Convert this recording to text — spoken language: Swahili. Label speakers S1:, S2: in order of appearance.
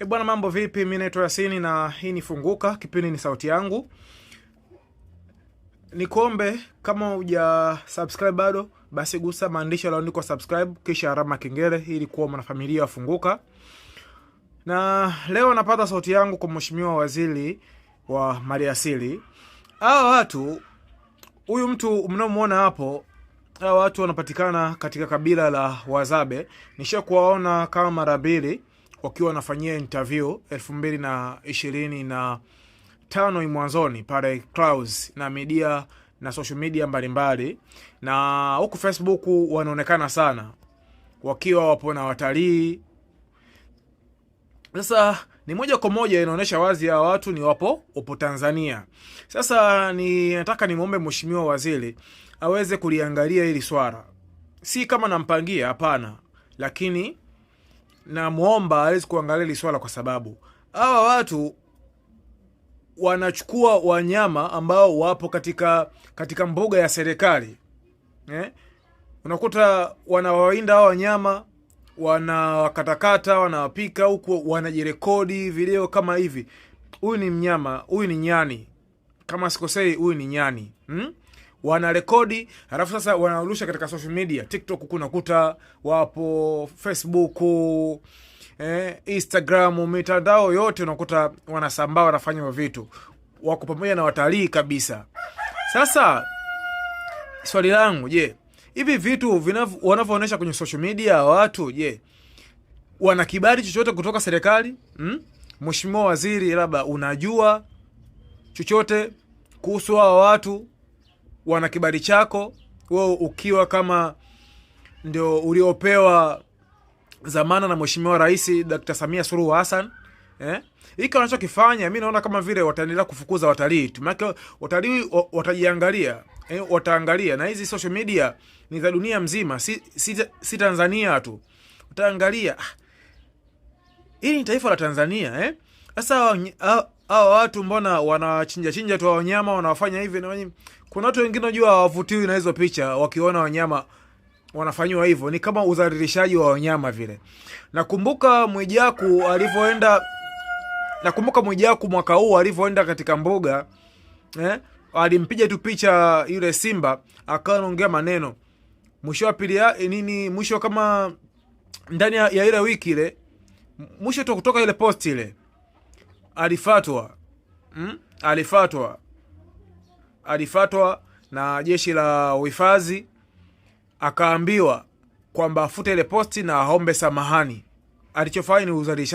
S1: Ebwana, eh, mambo vipi? Mi naitwa Yasini na hii ni Funguka, kipindi ni sauti yangu. Nikombe kama uja subscribe bado, basi gusa maandishi yaliyoandikwa subscribe, kisha alama kengele ili kuwa mwanafamilia wa Funguka. Na leo napata sauti yangu kwa mheshimiwa waziri wa maliasili. Hawa watu, huyu mtu mnaomuona hapo hawa watu wanapatikana katika kabila la Wazabe. Nishakuwaona kama mara mbili wakiwa wanafanyia interview elfu mbili na ishirini na tano mwanzoni pale Clouds na media na social media mbalimbali, na huku Facebook wanaonekana sana wakiwa wapo na watalii. Sasa ni moja kwa moja inaonyesha wazi ya watu ni wapo upo Tanzania. Sasa ni nataka nimwombe mheshimiwa waziri aweze kuliangalia hili swala, si kama nampangia, hapana, lakini namwomba awezi kuangalia hili swala kwa sababu hawa watu wanachukua wanyama ambao wapo katika katika mbuga ya serikali eh? Unakuta wanawawinda hawa wanyama, wanawakatakata, wanawapika huku, wanajirekodi video kama hivi. Huyu ni mnyama, huyu ni nyani, kama sikosei, huyu ni nyani hmm? wanarekodi, halafu sasa wanarusha katika social media. TikTok kunakuta wapo, Facebook eh, Instagram, mitandao yote unakuta wanasambaa, wanafanya vitu, wako pamoja na watalii kabisa. Sasa swali langu, je, hivi vitu wanavyoonyesha kwenye social media watu, je, wana kibari chochote kutoka serikali hmm? Mheshimiwa Waziri, labda unajua chochote kuhusu hawa watu wana kibali chako wewe ukiwa kama ndio uliopewa zamana na mweshimiwa rais Dr. Samia Suluhu Hassan eh? Hiki wanachokifanya mi naona kama vile wataendelea kufukuza watalii tumake watalii watajiangalia eh, wataangalia na hizi social media ni za dunia mzima, si, si, si Tanzania tu, utaangalia ah, hili ni taifa la Tanzania eh? Sasa hao watu mbona wanachinja chinja tu wanyama wanawafanya hivi na wanyama. Kuna watu wengine najua hawavutiwi na hizo picha, wakiona wanyama wanafanyiwa hivyo, ni kama udhalilishaji wa wanyama vile. Nakumbuka Mwijaku alivyoenda, nakumbuka Mwijaku mwaka huu alivyoenda katika mbuga eh, alimpiga tu picha yule simba, akawa anaongea maneno mwisho wa pili eh, nini, mwisho kama ndani ya ile wiki ile, mwisho tu kutoka ile post ile alifatwa hmm? alifatwa alifatwa na jeshi la uhifadhi akaambiwa kwamba afute ile posti na aombe samahani. Alichofanya ni